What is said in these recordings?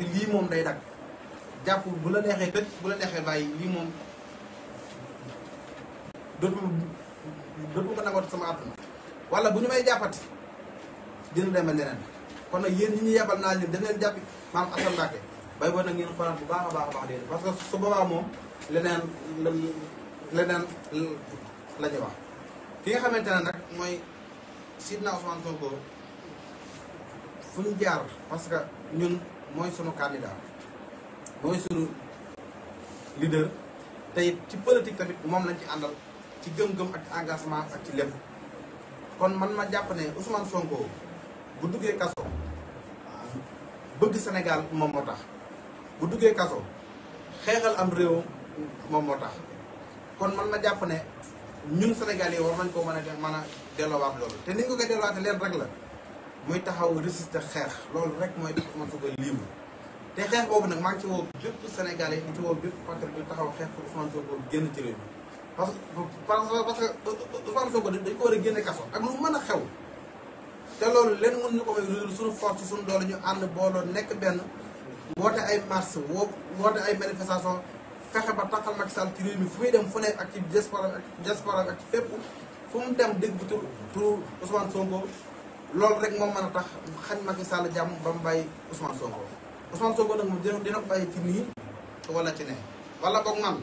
que lii moom day dagg jàpp bu la neexee tëj bu la neexee bàyyi lii moom dootul dootul ko nangoot sama àdduna wala bu ñu may jàppati dina demee leneen kon nag yéen ñi ñu yebal naa leen dañ leen jàppi maam Assane Mbacke bay boo nag ngeen xoolaat bu baax a baax a baax déedéet parce que su boobaa moom leneen leneen la ñu wax ki nga xamante ne nag mooy Sidna Ousmane Sonko fu ñu jaar parce que ñun mooy sunu candidat mooy sunu leader tey ci politique tamit moom lañ ci àndal ci gëm-gëm ak engagement ak ci lépp kon man ma jàpp ne Ousmane Sonko bu duggee kaso bëgg Sénégal moom moo tax bu duggee kaso xeexal am réew moom moo tax kon man ma jàpp ne ñun Sénégal yi war nañ ko mën a mën a delloowaat loolu te ni ñu ko koy delloowaatee leen rek la muy taxaw résister xeex loolu rek mooy tax Ousmane Sonko libre te xeex boobu nag maa ngi ci woo bépp Sénégalais yi ci woo bépp patriote bi taxaw xeex pour Ousmane Sonko génn ci réew parce que parce que Ousmane Sonko dañ ko war a génne kaso ak lu mën a xew te loolu leen mën ñu ko may suñu force suñu doole ñu ànd booloo nekk benn woote ay marche woo woote ay manifestation fexe ba taxal Macky Sall ci réew mi fu muy dem fu nekk ak ci diaspora ak ci fépp fu mu dem dégg bu tur Ousmane Sonko loolu rek moom mën a tax xañ Macky Sall jàmm ba mu bàyyi Ousmane Sonko Ousmane Sonko nag moom dina dina ko bàyyi ci nii wala ci ne wala boog man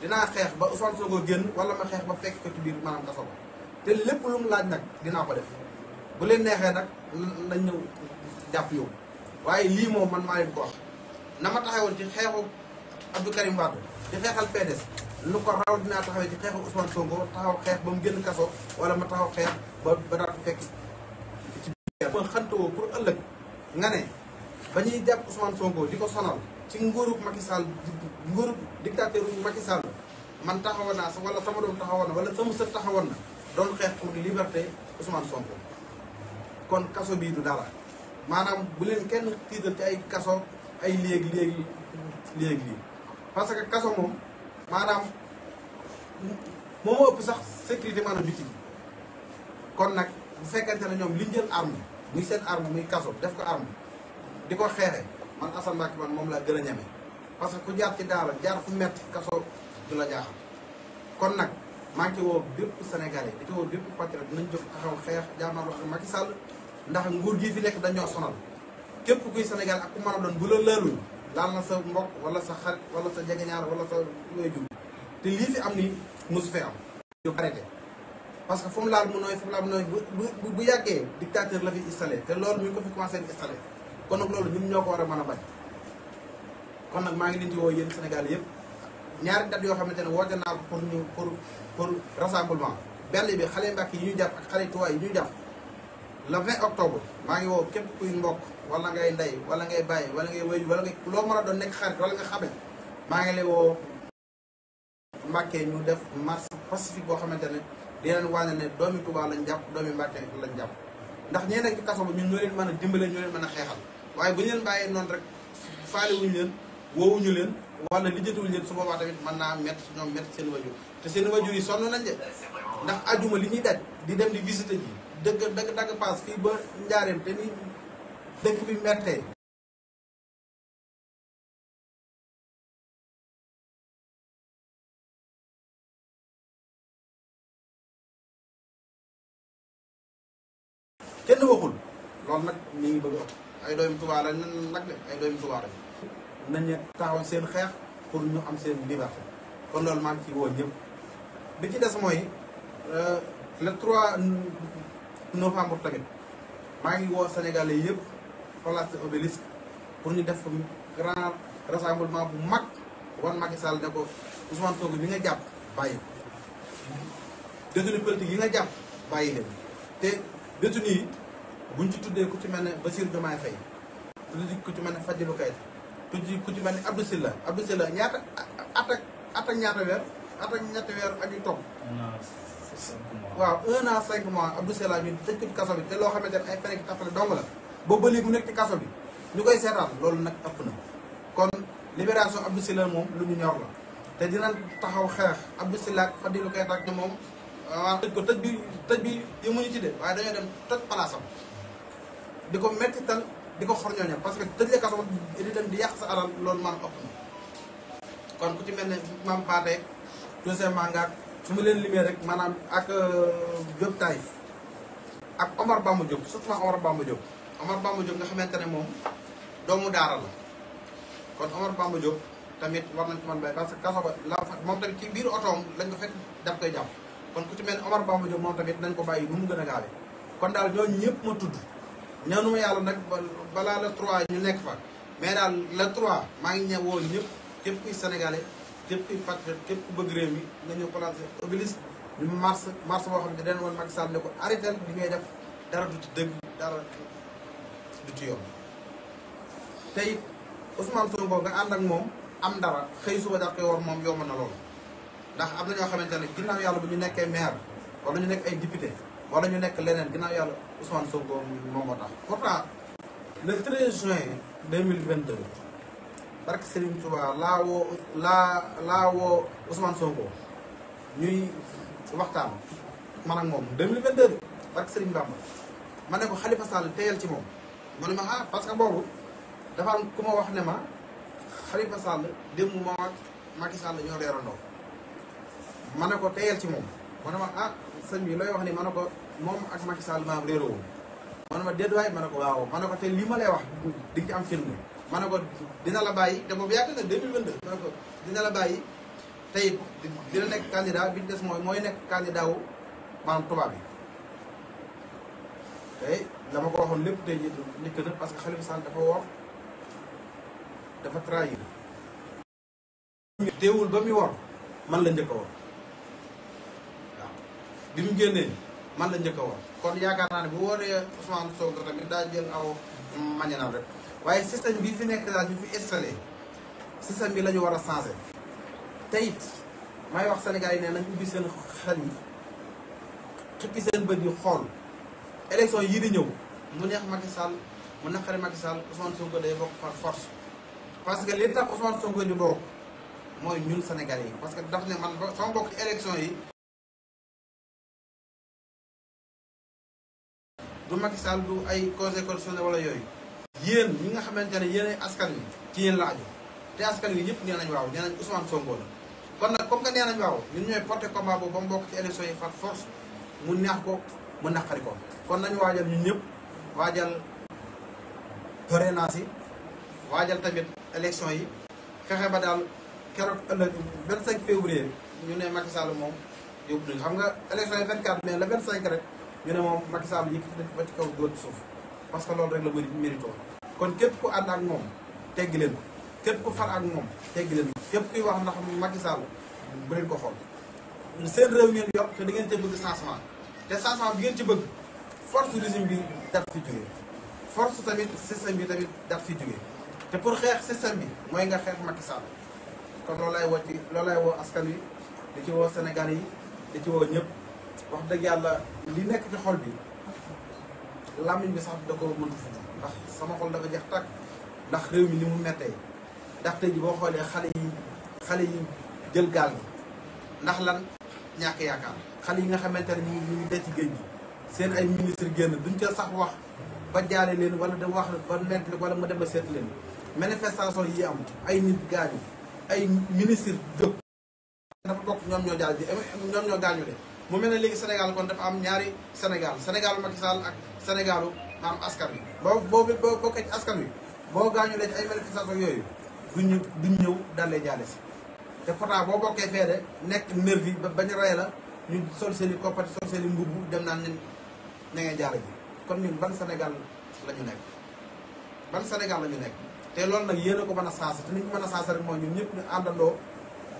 dinaa xeex ba Ousmane Sonko génn wala ma xeex ba fekk ci biir maanaam kaso te lépp lu laaj nag dinaa ko bu leen neexee nag nañ ñëw jàpp waaye lii moom man maa leen na ma taxawoon ci xeexu Abdou Karim Wade ci xeexal PDS lu ko raw dinaa taxawee ci xeexu Ousmane Sonko taxaw xeex ba mu génn kaso wala ma taxaw xeex ba ba daal fekk nga ne ba ñuy jàpp Ousmane Sonko di ko sonal ci nguurub Macky Sall nguurub dictateur Macky Sall man taxawoon naa sa wala sama doom taxawoon na wala sama sët taxawoon na doon xeex pour liberté Ousmane Sonko kon kaso bii du dara maanaam bu leen kenn tiital ci ay kaso ay léegi léegi léegi lii parce que kaso moom maanaam moo ëpp sax sécurité maanaam biti kon nag bu fekkante ne ñoom liñ jël arme muy seen arme muy kaso def ko arme di ko xeexe man Assane Mbacké man moom laa gën a ñeme parce que ku jaar ci daara jaar fu metti kaso du la jaaxal kon nag maa ngi woo bépp sénégalais di ci woo bépp patriote dinañ jóg taxaw xeex jaamaarloo ak Macky Sall ndax nguur gii fi nekk dañoo sonal képp kuy Sénégal ak ku mën a doon bu la laaluñ laal na sa mbokk wala sa xarit wala sa jegeñaar wala sa wéju te lii fi am ni mosu fee am ñu arrêté parce que fu mu laal mu nooy fu mu mu nooy bu bu yàggee dictateur la fi installé te loolu ñu ngi ko fi commencé installé kon nag loolu ñun ñoo ko war a man a bañ kon nag maa ngi leen di woo yéen yëpp ñaari date yoo xamante ne woote naa ko pour ñu pour pour rassemblement benn bi xale mbàkk yi ñuy jàpp ak xale yi ñuy jàpp le 20 octobre maa ngi woo képp kuy mbokk wala ngay ndey wala ngay bàyyi wala ngay wéy wala ngay loo mën a doon nekk xarit wala nga xame maa ngi lay woo Mbàkke ñu def marche pacifique boo xamante ne di leen wane ne doomi Tuubaa lañ jàpp doomi Mbàkke lañ jàpp ndax ñee nekk ci kaso ba ñu ñoo leen mën a dimbale ñoo leen mën a xeexal waaye bu ñu leen bàyyee noonu rek faalewuñu leen ñu leen wala lijjatuwuñu leen su boobaa tamit mën naa métti su ñoom métti seen wajur te seen wajur yi sonn nañ de ndax ajuma li ñuy daj di dem di visiter ji dëgg dëgg dagg paas fii ba njaareem te ni dëkk bi mettee kenn waxul loolu nag mi ngi bëgg ay doomi Tuubaa lañ nag de ay doomi Tuubaa lañ nañu taxaw seen xeex pour ñu am seen liberté kon loolu maa ngi ci woo ñëpp bi ci des mooy euh, le 3 novembre tamit maa ngi woo Sénégalais yëpp place de Obélisque pour ñu def grand rassemblement bu mag wan Macky Sall ne ko nga jàpp bàyyi yi nga jàpp bàyyi leen te détenu yi buñ ci tuddee ku ci mel ne Bassirou Diomaye Faye tudd ci ku ci mel ne Fadilou Keïta tudd ku ci mel ne Abdou Sylla Abdou Sylla ñaata at ak at ak ñaata weer at ak ñetti weer ak yu topp waaw un an cinq mois Abdou bi te loo xamante ne ay feneen tappale dong la boo ba léegi mu nekk ci kaso bi ñu koy seetaan loolu nag ëpp na kon libération Abdou Sylla moom lu ñu ñor la te dinañ taxaw xeex Abdou Sylla ak Fadilou Keïta ak moom maanaam tëj ko tëj bi tëj bi yëmuñu ci de waaye dañoo dem tëj palaasam di ko métti tal di ko xor ñooñam parce que tëj la kaso di dem di yàq sa alal loolu maam ëpp na kon ku ci mel ne maam Paate Joseph Manga su ma leen limee rek maanaam ak euh, Diop Taïf ak Omar Bamba Diop surtout Omar Bamba Diop Omar Bamba Diop nga xamante ne doomu daara la kon Omar Bamba Diop tamit war nañ ko mën bay parce que kaso ba la moom tamit ci biir otoom lañ ko fekk daf koy jàpp kon ku ci mel ne Omar Bamba Diop moom tamit nañ ko bàyyi nu mu gën a gaawee kon daal ñooñu ñëpp ma tudd ñaanu ma yàlla nag balaa la 3 ñu nekk fa mais daal la 3 maa ngi ñëwoon ñëpp képp kuy sénégalais képp kuy bëgg réew mi nga ñëw placé obélisque ñu mars mars boo xam ne dañu woon Macky Sall ne ko arrêté li ngay def dara du ci dëgg dara du ci yoon tey Ousmane Sonko nga ànd ak moom am dara xëy suba daf koy war moom yomb na loolu. ndax am na ñoo xamante ne ginnaaw yàlla bu ñu nekkee maire wala ñu nekk ay député wala ñu nekk leneen ginnaaw yàlla Ousmane Sonko moom moo tax. pourtant le juin 2022 barke Serigne Touba laa woo laa laa woo Ousmane Sonko ñuy waxtaan man ak moom 2022. barke Serigne Bamba ma ne ko Khalifa Sall teyal ci moom mu ne ma ah parce que boobu dafa am ma wax ne ma Khalifa Sall démb moom ak Macky Sall ñoo reerandoo. ma ne ko teyal ci moom ma ne ma ah sëñ bi looy wax ni man ne ko moom ak Macky Sall maam réeroo woon ma ne ma déet waay ma ne ko waaw ma ne ko te li ma lay wax di ma ne dina la bàyyi te boobu yàgg na 2022 ma ne dina la bàyyi tey dina nekk candidat bi des mooy mooy nekk candidat wu maanaam tubaab bi tey la ko waxoon lépp tey jii nekk na parce que Khalifa Sall dafa wor dafa man la njëkk bi mu génnee man la njëkk a war kon yaakaar naa ne bu wooree Ousmane Sonko tamit daa jël aw mañanam rek waaye système bi fi nekk daal ñu fi installé système bi la war a changé te it may wax Sénégal yi ne nañ ubbi seen xel yi xippi seen bët yi xool élection yii di ñëw mu neex Macky Sall mu naqari Macky Sall Ousmane Sonko day bokk par parce que li tax Ousmane Sonko di bokk mooy ñun Sénégalais yi parce que daf ne man sama bokk élection yi du Macky Sall du ay conseil constitutionnel wala yooyu yéen ñi nga xamante ne yéen askan wi ci yéen laaju te askan wi ñëpp nee nañ waaw nee nañ Ousmane Sonko la kon nag comme que nee nañ waaw ñun ñooy porté combat boobu ba mu bokk ci élection yi far mu neex ko mu naqari ko kon nañu waajal ñun ñëpp waajal parrainage yi waajal tamit élection yi fexe ba daal keroog ëllëg 25 février ñu ne Macky moom yóbbu nañu xam nga élection yi 24 mais le 25 rek ñu ne moom Macky Sall yëkkati na ba ci kaw góor suuf parce que loolu rek la bëri mérito kon képp ku ànd ak moom teggi leen ko képp ku far ak moom teggi leen ko képp kuy wax ndax Macky Sall bu leen ko xool seen réew ngeen yor te da ngeen ci bëgg changement te changement bi ngeen ci bëgg force régime bi dat fi jógee force tamit système bi tamit dat fi jógee te pour xeex système bi mooy nga xeex Macky Sall kon loolu lay woo ci loolu lay woo askan wi di ci woo Sénégal yi di ci woo ñëpp wax dëgg yàlla li nekk ci xol bi làmmiñ bi sax da ko mënut futu ndax sama xol dafa jeex tàkk ndax réew mi ni mu mettee ndax tey ji boo xoolee xale yi xale yi jël gaal gi ndax lan ñàkk yaakaar xale yi nga xamante ne ñu ngi dee ci géej gi seen ay ministre génn duñ ca sax wax ba jaale leen wala dem wax ba nent wala mu dem ba seet leen manifestation yi am ay nit gaañu ay ministre dëpp dafa bokk ñoom ñoo jaal ji ñoom ñoo gaañu de mu mel ne léegi Sénégal kon dafa am ñaari Sénégal Sénégalu Macky ak Sénégalu maanaam askan wi boo boo boo bokkee ci askan wi boo gaañu leen ci ay manifestation yooyu duñu duñ ñëw daal lay jaale si te pourtant boo bokkee fee de nekk nervi ba bañ rey la ñu sol seen i koppati sol seen i dem naa nen na ngeen jaale ji kon ñun ban Sénégal la nekk ban Sénégal la ñu nekk te loolu nag yéen a ko mën a saasa te ni ñu mën a saasa rek mooy ñun ñëpp ñu àndandoo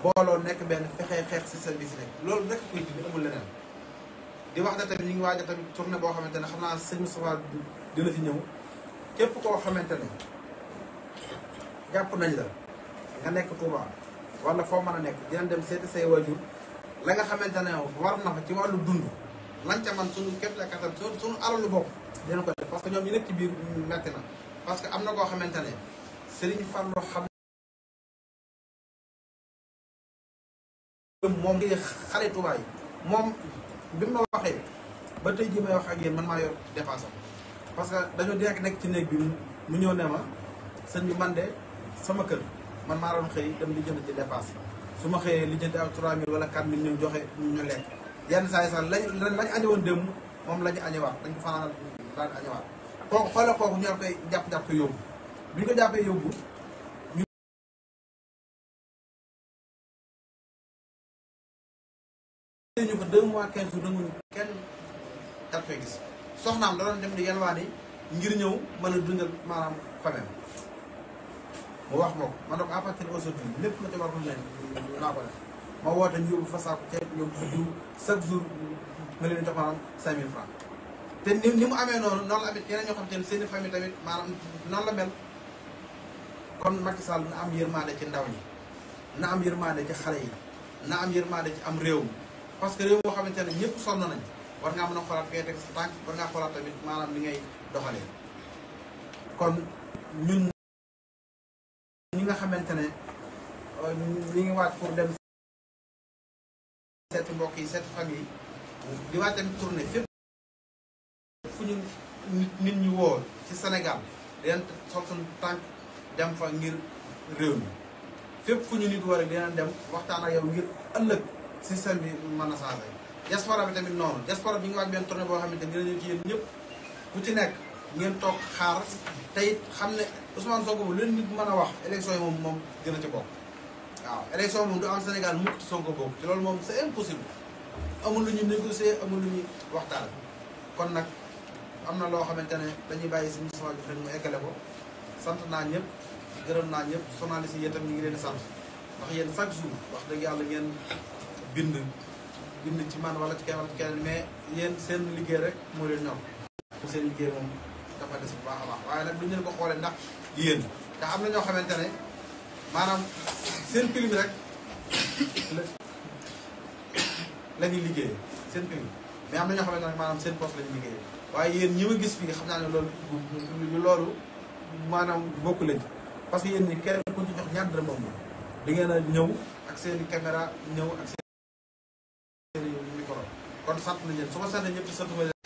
booloo nekk benn fexee xeex système bi si nekk loolu nekk koy dindi amul leneen di wax ne tamit ñu ngi waaj a tamit tournée boo xamante ne xam naa sëñ Moustapha dina fi ñëw képp koo xamante ne jàpp nañ la nga nekk Touba wala foo mën a nekk dinañ dem seeti say waajur la nga xamante ne war na fa ci wàllu dund lan ca man suñu képp la kattan suñu suñu alalu bopp dinañ ko def parce que ñoom ñu nekk ci biir metti na parce que am na koo xamante ne Serigne Fallou xam moom ngi xale Touba yi moom bi mu ma waxee ba tey jii may wax ak yéen man maa yor dépassé parce que dañoo nekk nekk ci néeg bi mu ñëw ne ma sëñ bi man de sama kër man maa doon xëy dem li jënd ci dépassé su ma xëyee li jënd ak 3000 wala 4000 ñu joxe ñu lekk yenn saa yi sax lañ lañ añewoon démb moom la ñu añewaat dañ ko fanaanal daan añewaat kooku xoolee kooku ñoo koy jàpp-jàpp yóbbu bi ñu ko jàppee yóbbu mois 15 jours nanguñu kenn kat fee gis soxnaam da doon dem di yalwaani ngir ñëw mën a dundal maanaam famem mu wax ma ko ma ne ko à partir aujourd'hui lépp la ci war leen naa ko def ma woote ñu yóbbu te ni ni amee noonu noonu la amee yeneen ñoo seen famille tamit maanaam noonu la mel kon Macky Sall na am yërmande ci ndaw ñi na am yërmande ci xale yi na am yërmande ci am réew mi parce que réew moo xamante ne ñëpp sonn nañ war ngaa mën a xoolaat fee teg sa tànk war ngaa xoolaat tamit maanaam li ngay doxalee kon ñun ñi nga xamante ne li euh, ngi waat pour dem seeti mbokk yi seeti famille di waat tamit tournée fépp fu ñu nit nit ñu woo ci senegal dinañ sol suñu tànk dem fa ngir réew mi fépp fu ñu nit war a dinañ dem waxtaan ak yow ngir ëllëg système bi mën a changé diaspora bi tamit noonu diaspora bi ñu ngi waaj benn tournée boo xamante ne dinañu ci yéen ñëpp ku ci nekk ngeen toog xaar tey xam ne Ousmane Sonko moom leen nit mën a wax élection yi moom moom gën a ci bokk waaw élection moom du am Sénégal mukk ci Sonko bokk ci loolu moom c'est impossible amul lu ñu négocier amul lu ñu waxtaan kon nag am na loo xamante ne dañuy bàyyi si Moustapha Diouf rek mu eggale ko sant naa ñëpp gërëm naa ñëpp journaliste yi yéen tam ñu ngi leen di sant ndax yéen chaque jour wax dëgg yàlla ngeen bind bind ci man wala ci kenn wala ci keneen mais yéen seen liggéey rek moo leen ñoom seen liggéey moom dafa des bu baax a baax waaye nag duñu leen ko xoolee ndax yéen te am na ñoo xamante ne maanaam seen film rek la liggéey seen film mais am na ñoo xamante ne maanaam seen poste la ñuy liggéey waaye yéen ñi ma gis fii xam naa ne loolu loolu maanaam bokk lañ parce que yéen ñi kenn ku ci jox ñaar dërëm moom da ngeen a ñëw ak seen i caméra ñëw ak seen kon sant nañu leen su ma sant ñëpp sant ma